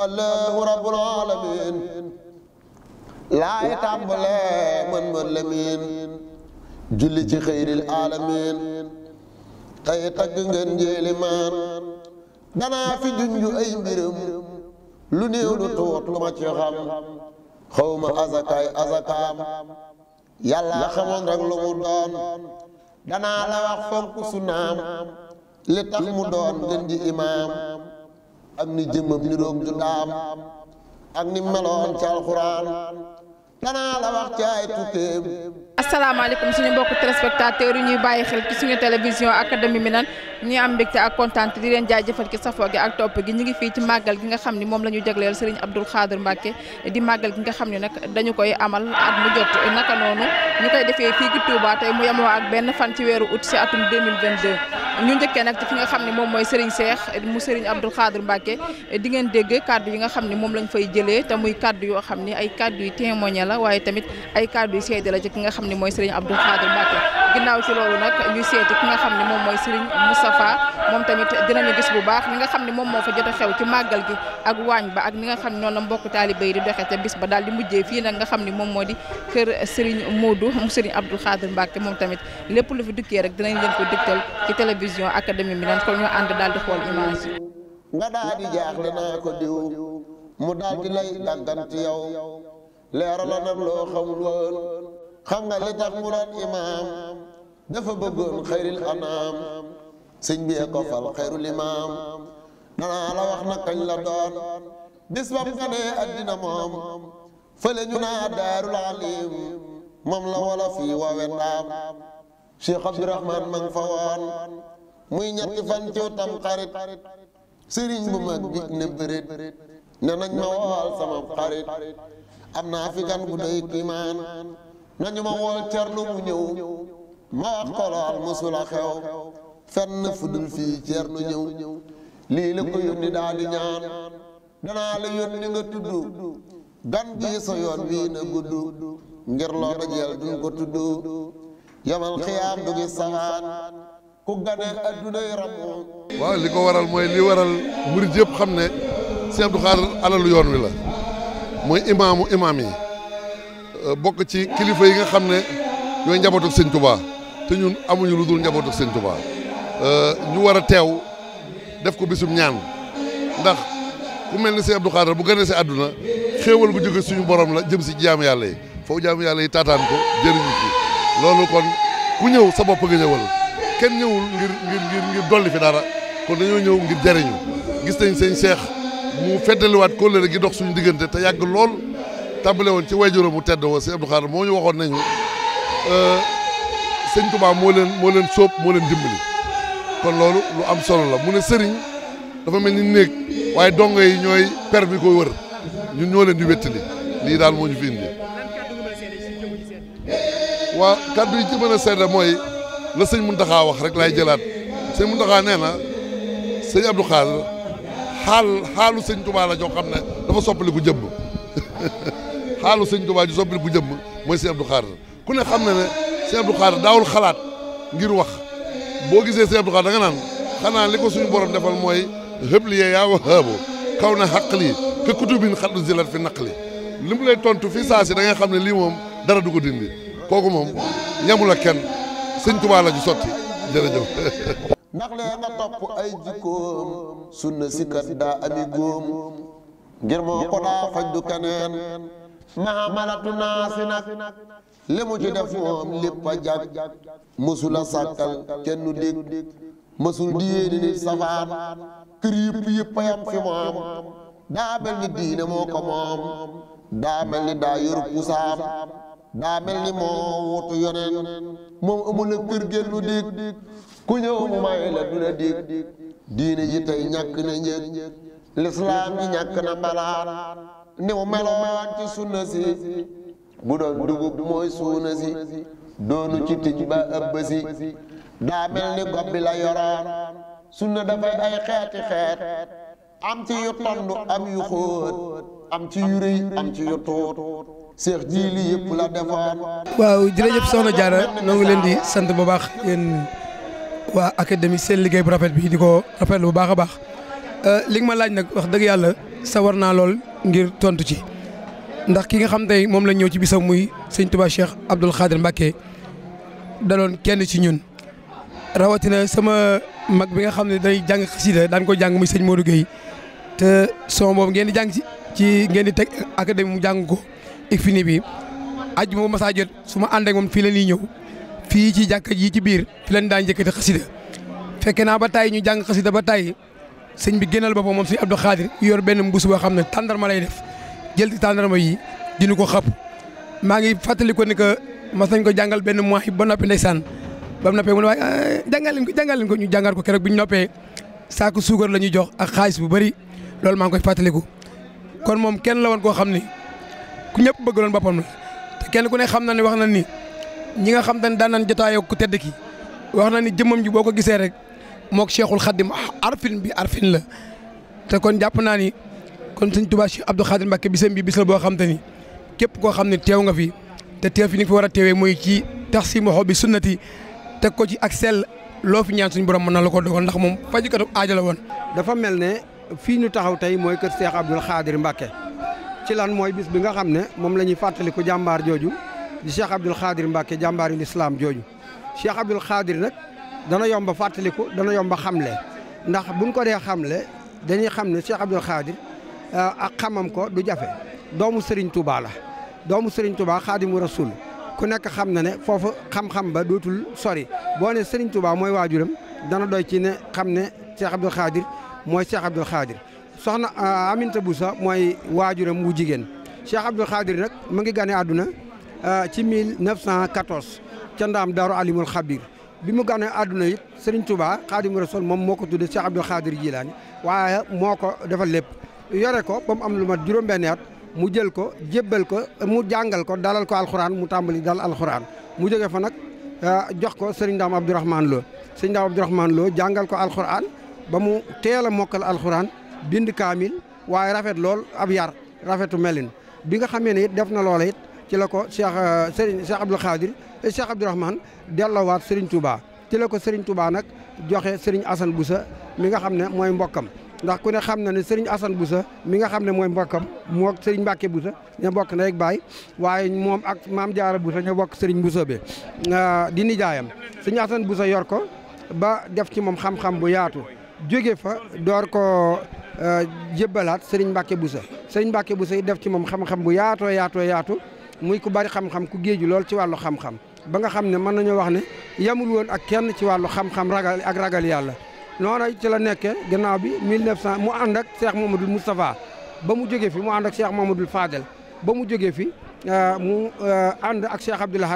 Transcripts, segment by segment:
allahu rabbul alamin laay tàmbale mën mën lamin julli ci xëyril alamin tey tagg ngeen njéeli maan danaa fi junju ay mbiram lu néew lu tuut lu ma ci xam xawma azakaay azakaam yàlla xamoon rek lu mu doon la wax fonk su naam li tax mu doon gën ji imaam ak ni jëmmam niroog jundaam ak ni meloon ci alxuraan danaa la wax ci ay tukkeem asalaamaaleykum suñu mbokk téléspectateurs yi ñuy bàyyi xel ci suñu télévision académie Minane ñuy am mbégte ak kontaan di leen jaajëfal ñu ngi xam ne moom la ñu jagleel Serigne Abdoul Khadir Mbacke nag ci fan ci weeru août si atum 2022 ñu fi nga xam ne moom mooy Serigne Cheikh mu Serigne Abdoul Khadir Mbacke di ngeen dégg kàddu yi nga xam ni moom lañ fay jëlee te muy kàddu yoo xam ne ay kàddu yu témoigné la waaye tamit ay kàddu yu seede la ci ki nga xam ni mooy Serigne Abdoul Khadir Mbacke ginnaaw Moustapha moom tamit dinañu gis bu baax li nga xam ne moom moo fa jot a xew ci màggal gi ak waañ ba ak ni nga xam noonu la mbokk taalibe yi di doxee te bis ba daal di mujjee fii nag nga xam ne moom moo di kër Serigne Modou mu Serigne Abdou Khadir Mbacke moom tamit lépp lu fi dikkee rek dinañ leen ko digtal ci télévision académie bi naan kon ñu ànd daal di xool image yi. nga daal di jaaxle naa ko diw mu daal di lay dàggant yow leeralanam loo xamul woon xam nga li tax mu sëñ bi ko fal xayrul imaam danaa la wax na kañ la doon bis bam nga ne addina moom fële ñu naa daarul alim moom la wala fii woowe ndaam cheikh abdourahman ma nga fa woon muy ñetti fan ciw tam xarit sëriñ bu mag bi ne bërit ne ma wool sama xarit am naa fi gan gu kiimaan nañu ma wool cernu mu ñëw ma wax ko lool musula xew fenn fudul fii ceernu ñëw lii la ko yónni daal di ñaan danaa la yónni nga tudd gan gii sa yoon wii na gudd ngir loo dajeel duñ ko tudd yamal xiyaam du ngi samaan ku gane adduna yaram waaw li ko waral mooy li waral murid yëpp xam ne Sëñ Abdou Khadre alalu yoon wi la mooy imaamu imaam yi euh, bokk ci kilifa yi nga xam ne ñooy njabootu Sëñ Tuubaa te ñun amuñu lu dul njabootu Sëñ Tuubaa Euh, ñu war a teew def ko bisum ñaan ndax ku mel ni si Abdou Khadre bu gënee si àdduna xéewal bu jóge suñu borom la jëm si jaamu yàlla yi foofu jaamu yàlla yi taataan ko jëriñu loolu kon ku ñëw sa bopp nga ñëwal kenn ñëwul ngir ngir ngir dolli fi dara kon dañoo ñëw ngir jëriñu gis nañ sëñ seex mu feddaliwaat kóllëre gi dox suñu diggante te yàgg lool tàmbale woon ci wayjuró mu tedd woo si Abdou Khadre moo ñu waxoon nañu euh, sëñ Tuubaa moo leen moo leen sóob moo leen dimbali kon loolu lu am solo la mu sëriñ dafa mel ni néeg waaye dongo yi ñooy per bi ko wër ñu ñoo di wéttali lii daal moo ñu fi indi waa kaddu yi ci mën seede mooy la sëñ Muntaxa wax rek laay jëlaat sëñ Muntaxa nee na sëñ Abdou Khadre xaal xaalu sëñ Touba la joo xam ne dafa soppali ku jëmm xaalu sëñ Touba ju soppali ku jëmm mooy sëñ Abdou Khadre ku ne xam na ne sëñ Abdou Khadre daawul xalaat ngir wax boo gisee si Abdou Khadre da nga naan xanaa li ko suñu borom defal mooy xëb li yee yaa wa xëbo kaw na xaq lii kutubin xaddu zilat fi naq li li mu lay tontu fi saa si da xam ne lii moom dara du ko dindi kooku moom yamul a kenn sëñ Tuubaa la ju sotti jërëjëf ndax leen a topp ay jikkoom sunna sikkat daa ami góom ngir moo ko daa faj du keneen mahamalatu naa si nag li mu ci def moom lépp a jag mësul a sàkkal kenn dégg mësul safaan kër yëpp yam fi moom daa mel ni diine moo ko moom daa mel ni daa yor pusaam daa mel ni moo wutu yoneen moom amul kër gennu dégg ku ñëw mu may la du la dégg diine ji tey ñàkk na njëg lislaam ji ñàkk na mbalaar ni mu meloon ci sunna bu doon dugub mooy suuna si doonu ci tij ba ëbb si daa mel ni gob la yoroon sunna dafay ay xeeti xeet am ci yu tond am yu xóot am ci yu am ci yu tuut seex jii la defoon waaw jërëjëf soxna Diarra noo ngi leen di sant bu baax yéen waa académie seen liggéey bu rafet bi di ko rafetlu bu baax a baax euh, li ma laaj nag wax dëgg yàlla sawar naa lool ngir tontu ci ndax ki nga xam tey moom la ñëw ci bisam muy sëñ Touba Cheikh Abdoul Khadir Mbacké daloon kenn ci ñun rawatina sama mag bi nga xam ne day jàng xasida daan ko jàng sëñ Modou Gueye te son boobu ngeen di jàng ci ci ngeen di teg académie mu jàng ko ik fini bi aju ma masaa jot su ma ànd moom fii la ñuy ñëw fii ci jàkka ji ci biir fi leen daan njëkkati xasida fekke naa ba tàyyi ñu jàng xasida ba tàyyi sëñ bi génnal boppam moom sëñ Abdou Khadir yor benn mbusu boo xam ne tàndarma lay def jël ci tàndarma yi di ko xëpp maa ngi fàttali ko ni que mas nañ ko jàngal benn mois ba noppi ndeysaan ba mu noppee mu ne waaye eh, jàngal ko jàngal leen ko ñu jàngal ko keroog bi ñu noppee saako suukar la ñuy jox ak xaalis bu bari loolu maa ngi koy fàttaliku. kon moom kenn la woon koo xam ni ku ñëpp bëggaloon boppam la te kenn ku ne xam na ne wax na ni ñi nga xam te ne daan nañ jotaayoo ku tedd ki wax na ni jëmmam ji boo ko gisee rek moog Cheikhul Khadim arfin bi arfin la te kon jàpp naa ni kon sëñ Touba Cheikh Abdou Khadir Mbacke bisam bi bis la boo xam te képp koo xam ne teew nga fi te teew fi ni nga fi war a teewee mooy ci tax si moxo bi sunnati teg ko ci ak sell loo fi ñaan suñu borom mën na la ko dogal ndax moom fajukatu aaja la woon. dafa mel ne fii ñu taxaw tey mooy kër Cheikh Abdou Khadir Mbacke ci lan mooy bis bi nga xam ne moom la ñuy fàttaliku jàmbaar jooju di Cheikh Abdou Khadir Mbacke jàmbaari lislaam jooju Cheikh Abdou Khadir dana yomba fàttaliku dana yomba xamle ndax buñ ko xamle dañuy xam ne Cheikh Abdou Khadir Euh, ak xamam ko du jafe doomu Serigne Touba la doomu Serigne Touba xaadimu rasul ku nekk xam na ne foofu xam-xam ba dootul sori boo ne Serigne mooy waajuram dana doy ci ne xam ne Cheikh Abdoul Khadir mooy Cheikh Abdoul Khadir soxna euh, Aminta Boussa mooy waajuram wu jigéen Cheikh Abdoul Khadir nag mu ngi gane àdduna euh, ci 1914 ca ndaam daro Alimul Xabir bi mu gane àdduna it Serigne Touba xaadimu rasul moom moo ko tuddee Cheikh Abdoul Khadir Jilaani waaye moo ko defal lépp. yore ko ba mu am lu mat juróom-benni at mu jël ko jébbal ko mu jàngal ko dalal ko alxuraan mu tàmbali dal alxuraan mu jóge fa nag euh, jox ko sëriñ daam Abdourahman Lo sëriñ daam Abdourahman Lo jàngal ko alxuraan ba mu teel a mokkal alxuraan bind kaamil waaye rafet lool ab yar rafetu melin bi nga xamee ne it def na loola it ci la ko Cheikh euh, Serigne Cheikh Abdoul Khadir eh, Cheikh Abdourahman delloowaat Serigne Touba ci la ko Serigne Touba nag joxe Serigne Assane Boussa mi nga xam ne mooy mbokkam. ndax ku ne xam na ne Serigne Assane Boussa mi nga xam ne mooy mbokkam moo Serigne Mbacke Boussa ña bokk na rek baay waaye moom ak maam Diarra Boussa ña bokk Serigne Boussa bi euh, di nijaayam Serigne Assane Boussa yor ko ba def ci moom xam-xam bu yaatu jóge fa door ko euh, jébbalaat Serigne Mbacke busa Serigne mbakke Boussa yi def ci moom xam-xam bu yaatoo yaatoo yaatu muy ku bari xam-xam ku géeju lool ci wàllu xam-xam ba nga xam ne mën nañoo wax ne yamul woon ak kenn ci wàllu xam-xam ragal ak ragal yàlla noona ci la nekkee gannaaw bi 1900 mu ànd ak Cheikh dul Moustapha ba mu jógee fi mu ànd ak seex Cheikh Mamadou Fadel ba mu jógee fi euh, mu euh, ànd ak Cheikh Abdoul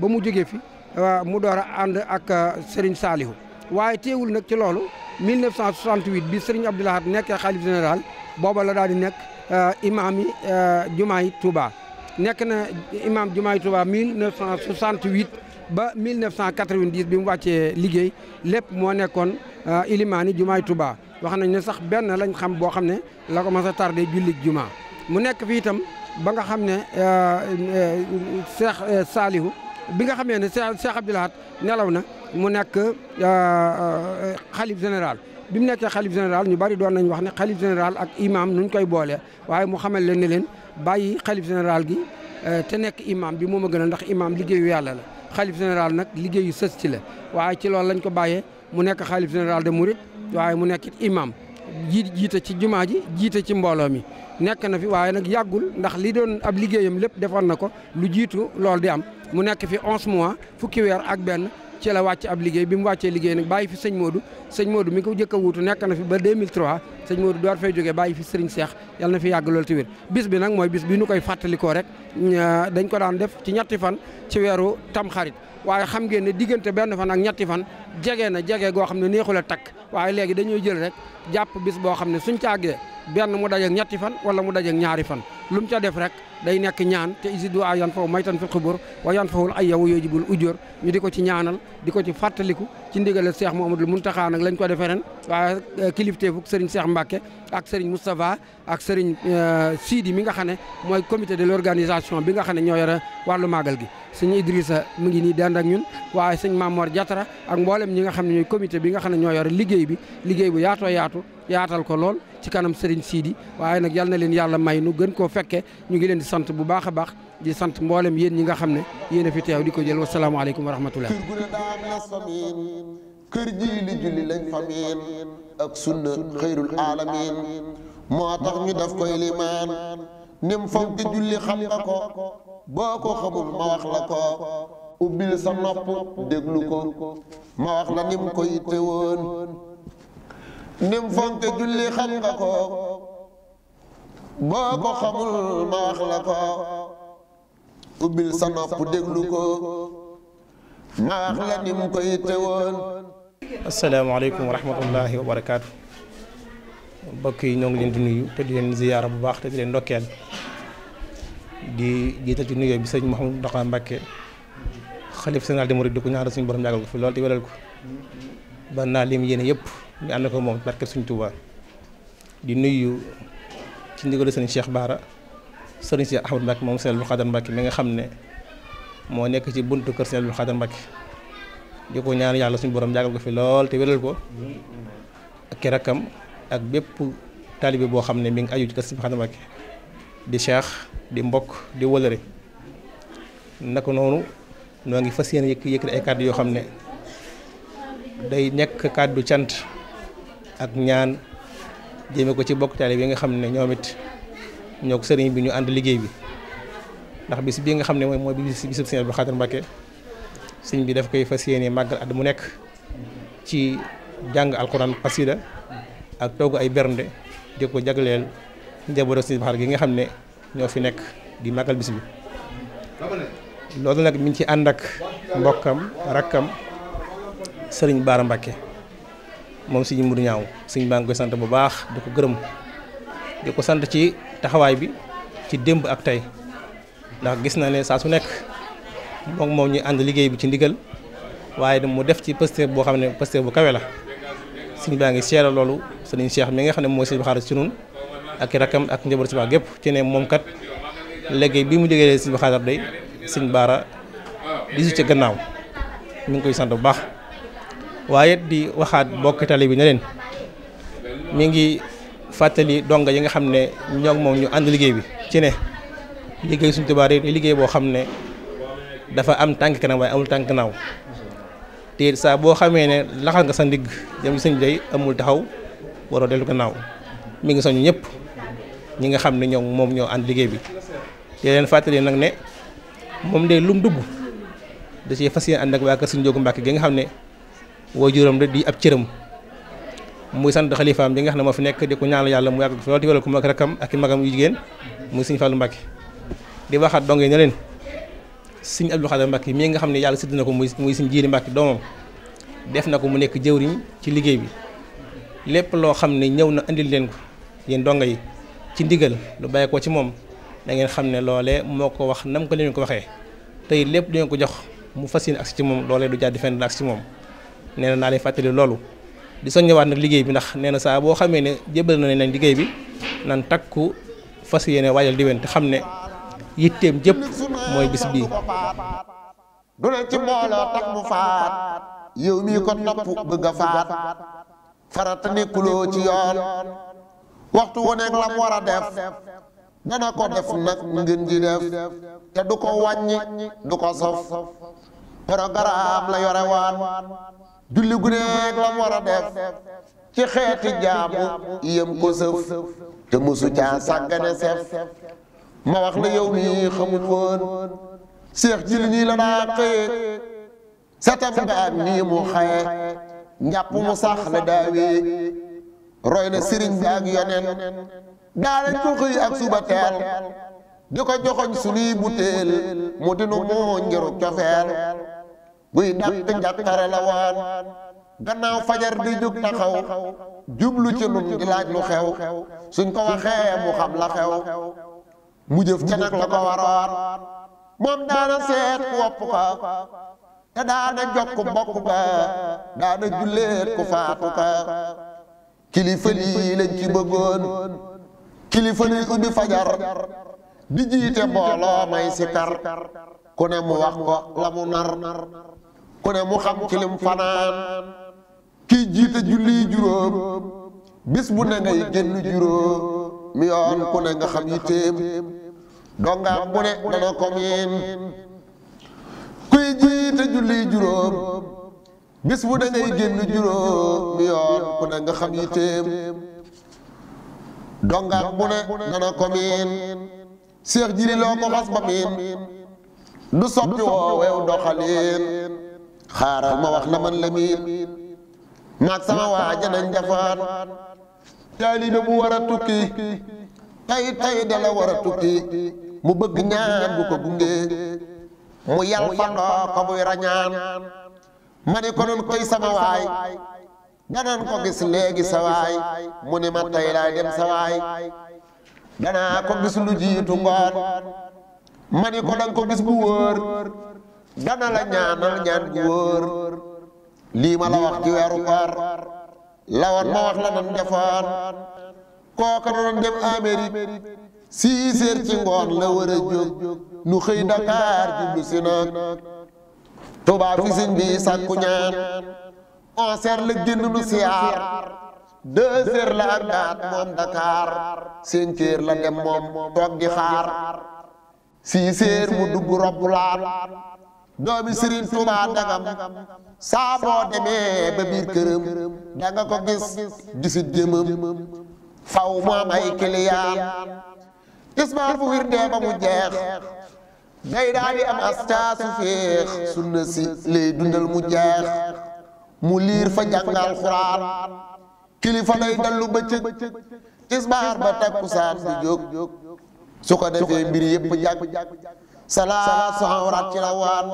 ba mu jógee fi euh, mu door a ànd ak Serigne Salihu waaye teewul nag ci loolu 1968 bi Serigne Abdoul Ahad nekkee xalif général booba la daal di nekk imaam yi jumaay Touba nekk na imaam jumaay Touba 1968. ba 1990 bi mu wàccee liggéey lépp moo nekkoon euh, ilimaani jumaay Touba wax nañ ne sax benn lañ xam boo xam ne la ko mas a tardé jullit juma mu nekk fii itam ba nga xam ne Cheikh euh, Salihu euh, bi nga xamee ne Cheikh Cheikh Abdou nelaw na mu nekk xalif général bi mu nekkee xalif général ñu bari doon nañ wax ne xalif général ak imam ñu koy boolee waaye mu xamal leen ne leen bàyyi xalif général gi te nekk imam bi moom a gën ndax imam liggéeyu yàlla la xalif général nag liggéeyu sës ci la waaye ci loolu lañ ko bàyyee mu nekk xalif général de Mouride waaye mu nekk imam jiit jiite ci jumaa ji jiite ci mbooloo mi nekk na fi waaye nag yàggul ndax li doon ab liggéeyam lépp defoon na ko lu jiitu loolu di am mu nekk fi onze mois fukki weer ak benn ci la wàcc ab liggéey bi mu wàccee liggéey nag bàyyi fi sëñ Modou sëñ Modou mi ko jëkk a wuutu nekk na fi ba 2003 sëñ Modou door fay jógee bàyyi fi Serigne Cheikh yàlla na fi yàgg loolu te wér bis bi nag mooy bis bi nu koy fàttalikoo rek dañ ko daan def ci ñetti fan ci weeru tamxarit waaye xam ngeen ne diggante benn fan ak ñetti fan jege na jege goo xam ne neexul a takk waaye léegi dañuy jël rek jàpp bis boo xam ne suñ caagee benn mu dajeeg ñetti fan wala mu dajeeg ñaari fan lu mu ca def rek day nekk ñaan te isi duwaa yan may maytan fil xubur wa yan fawul ay yow yooyu jibul ujjóor ñu di ko ci ñaanal di ko ci fàttaliku ci seex Cheikh Mouhamadou Mountakha nag lañ ko defee ren waa euh, kilifteefuk Serigne Cheikh Mbacke ak Serigne Moustapha ak Serigne euh, Sidi mi nga xam ne mooy comité de l'organisation bi nga xam ne ñoo yore wàllu màggal gi sëñ Idrissa mu ngi nii dend ak ñun waaye sëñ Mamor Diatara ak mboolem ñi nga xam ne ñooy comité bi nga xam ne ñoo yore liggéey bi liggéey bu yaatoo yaatu yaatal ko lool ci kanam Serigne Sidi waaye nag yal na leen yàlla may nu gën koo fekke ñu ngi leen sant bu baax baax di sant mboolem yéen ñi nga xam ne yéen fi teew di ko jël wasalaamaaleykum wa rahmatullah kër ji li julli lañ fa ak sunna xëyrul aalamin moo tax ñu def koy limaan nim fonk julli xam ko boo ko xamul ma wax la ko ubbil sa nopp déglu ko ma wax la nim koy tewoon nim fonk julli xam nga ko boo ko xamul ma la ko ubbil sa nopp déglu ko ma wax la nim ko yitte woon asalaamaaleykum wa wa barakaatu mbokk yi ñoo ngi leen di nuyu te di leen ziyaara bu baax te di leen ndokkeel di jiital ci nuyoo bi sëñ Mouhamadou Ndaxa Mbàkke xalif général des mourides di ko ñaanal suñu borom yàggal ko fi loolu te wéral ko ban naa lim yéene yëpp ñu ànd ko moom barkeb suñu Touba di nuyu ci ndigalu seen Cheikh Baara sëriñ Cheikh Ahmad Mbacke moom sëriñ Abdou Khadre Mbacke mi nga xam ne moo nekk ci buntu kër sëriñ Abdou Khadre Mbacke di ko ñaan yàlla suñu borom jàggal ko fi lool te wéral ko ak ki rakkam ak bépp taalibe boo xam ne mi ngi aju ci kër sëriñ Abdou Khadre Mbacke di cheikh di mbokk di wëlëre naka noonu noo ngi fas yéene yëkk yëkkati ay kàddu yoo xam ne day nekk kàddu cant ak ñaan jëme ko ci bokk taalibe yi nga xam ne ñoomit it ñoo sëriñ bi ñu ànd liggéey bi ndax bis bii nga xam ne mooy mooy bisub sëriñ Abdou Khadre Mbacké sëriñ bi daf koy fas yéene màggal at mu nekk ci jàng alxuraan xasida ak togg ay bernde di ko jagleel njabootu sëriñ Abdou Khadre gi nga xam ne ñoo fi nekk di magal bis bi loolu nag mi ngi ci ànd ak mbokkam rakkam sëriñ Baara Mbacké moom sëñ Modou Ñaaw sëñ baa ngi koy sant bu baax di ko gërëm di ko sant ci taxawaay bi ci démb ak tey ndax gis na ne saa su nekk moom moom ñu ànd liggéey bi ci ndigal waaye mu def ci Pastef boo xam ne Pastef bu kawe la sëñ baa ngi seera loolu sëñ Cheikh mi nga xam ne mooy sëñ Baxaar si nun ak i rakam ak njaboot si baax gépp ci ne moom kat liggéey bi mu jógee sëñ Baxaar day sëñ Baara di ci gannaaw mu ngi koy sant bu baax waaye di waxaat mbokki tali bi ne leen mi ngi fàttali donga yi nga xam ne ñoo moom ñu ànd liggéey bi ci ne liggéey Sëriñ Tuubaa yi liggéey boo xam ne dafa am tànk kanam waaye amul tànk naaw te saa boo xamee ne laxal nga sa ndigg jëm sëñ day amul taxaw waroo dellu naaw mi ngi soñu ñëpp ñi nga xam ne ñoom moom ñoo ànd liggéey bi te leen fàttali nag ne moom de lum dugg da ciy fas yéene ànd ak waa kër Sëriñ Jóogu Mbàkke gi nga xam ne waajuram de di ab cëram muy sant xalifaam bi nga xam ne moo fi nekk di ko ñaanal yàlla mu yàgg fi loolu tiwala ko mag rakkam ak i magam yu jigéen muy sëñ Fallou Mbacké di waxaat dong ne leen sëñ Abdou Khadre Mbacké mii nga xam ne yàlla sëdd na ko muy muy sëñ Jiiri Mbacké doomam def na ko mu nekk jëwriñ ci liggéey bi lépp loo xam ne ñëw na andil leen ko yéen donga yi ci ndigal lu bàyyi ko ci moom da ngeen xam ne loolee moo ko wax nam ko leen ko waxee tey lépp du ko jox mu fas yéene ak ci moom loolee du jàddi fenn la ak ci moom nee na naa leen fàttali loolu di soññewaat nag liggéey bi ndax nee na saa boo xamee ne jébal na nañ liggéey bi nan takku fas yéene waajal diwen te xam mooy bis bii du ci mbooloo tax mu yow mii ko topp bëgg faat farata ci yoon waxtu wu nekk lam war a def nana ko def nag ngeen ji def te du ko wàññi du ko sof programme la yore julli gu nekk la mu war a ci xeeti jaamu yem ko sëf te mosu caa sàggane sef ma wax la yow mii xamul woon seex ci nii la daa xëyee setam am nii mu xaye njàpp sax la daawee roy na sëriñ bi ak yeneen daa lañ ak suba teel di ko joxoñ sunuy butéel mu dinu moo ngiru cofeel buy dàq njàqare la gannaaw fajar di jug taxaw jublu ci nun di laaj lu xew suñ ko waxee mu xam la xew mu jëf ca nag la ko waroon moom daana seet ku wopp ko te daana jokk mbokk ga daana julleet ku faatu ka kilifa lii lañ ci bëggoon kilifa lii ubbi fajar di jiite mbooloo may si kar ku ne mu wax ko la mu nar ku ne mu xam ci lim fanaan kii jiite julli juróom bis bu ne ngay génn juróom yoon ku ne xam yitteem dongaam bu ne dana ko miin kuy jiite julli juróom bis bu ne ngay génn juróom yoon ku ne xam yitteem dongaam bu ne dana ko miin seex jiri loo ko xas ba miin du soppi woo wew xaaral ma wax la man la miin maag sama waaja nañ jafaan taalibe bu war a tukki tey tey dala war a tukki mu bëgg ñaan bu ko gunge mu yal fandoo ko muy rañaan ma ko noon koy sama waay danaan ko gis léegi sa waay mu ni ma tey dem sa waay danaa ko gis lu jiitu ngoon ma ni ko danga ko gis bu wóor dana la ñaanal ñaan gu wóor lii ma la wax ci weeru koor lawoon ma wax la nan defoon kooka doon dem Amérique six heures ci ngoon la war a jóg nu xëy Dakar jublu si nag tubaab fi sëñ bi sàkku ñaan onze la génn nu siyaar deux heures la àndaat moom Dakar cinq heures la dem moom toog xaar sii mu dugg robb laat doomi Sëriñ Tuubaa dagam saa boo demee ba biir këram da ko gis gisit jëmam faw mu am ay kiliyaan ismaal fu wir dee ba mu jeex day daal am astaasu féex sunna si lay dundal mu jeex mu liir fa jàngal xuraan kilifa lay dallu bëccëg ismaar ba takkusaan bu jóg su ko defee mbir yëpp jàkk salaasu awraat ci la waan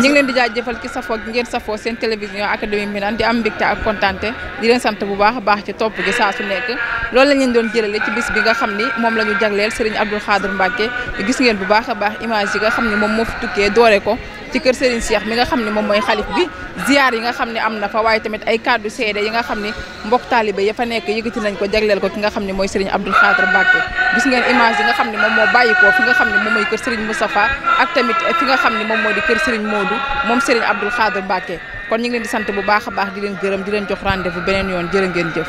ñu ngi leen di jaajëfal ci safoo gi ngeen safoo seen télévision académie Minane di am mbégte ak kontante di leen sant bu baax a baax ci topp gi saa su nekk loolu lañ leen doon jëlale ci bis bi nga xam ni moom la ñu jagleel Serigne Abdoul Khadir Mbacke gis ngeen bu baax a baax image yi nga xam ni moom moo fi tukkee doore ko ci kër Serigne Cheikh mi nga xam ne moom mooy xalif bi ziar yi nga xam ne am na fa waaye tamit ay kàddu seede yi nga xam ne mbokk taalibe ya fa nekk yëkkati nañ ko jagleel ko ki nga xam ne mooy Serigne Abdoul Khadr Mbacké gis ngeen image nga xam ne moom moo bàyyi ko fi nga xam ne moom mooy kër Serigne Moustapha ak tamit fi nga xam ne moom moo di kër Serigne Modou moom Serigne Abdoul Khadr Mbacké kon ñu ngeen leen sant bu baax a baax di leen gërëm di leen jox rendez-vous beneen yoon jërë ngeen jëf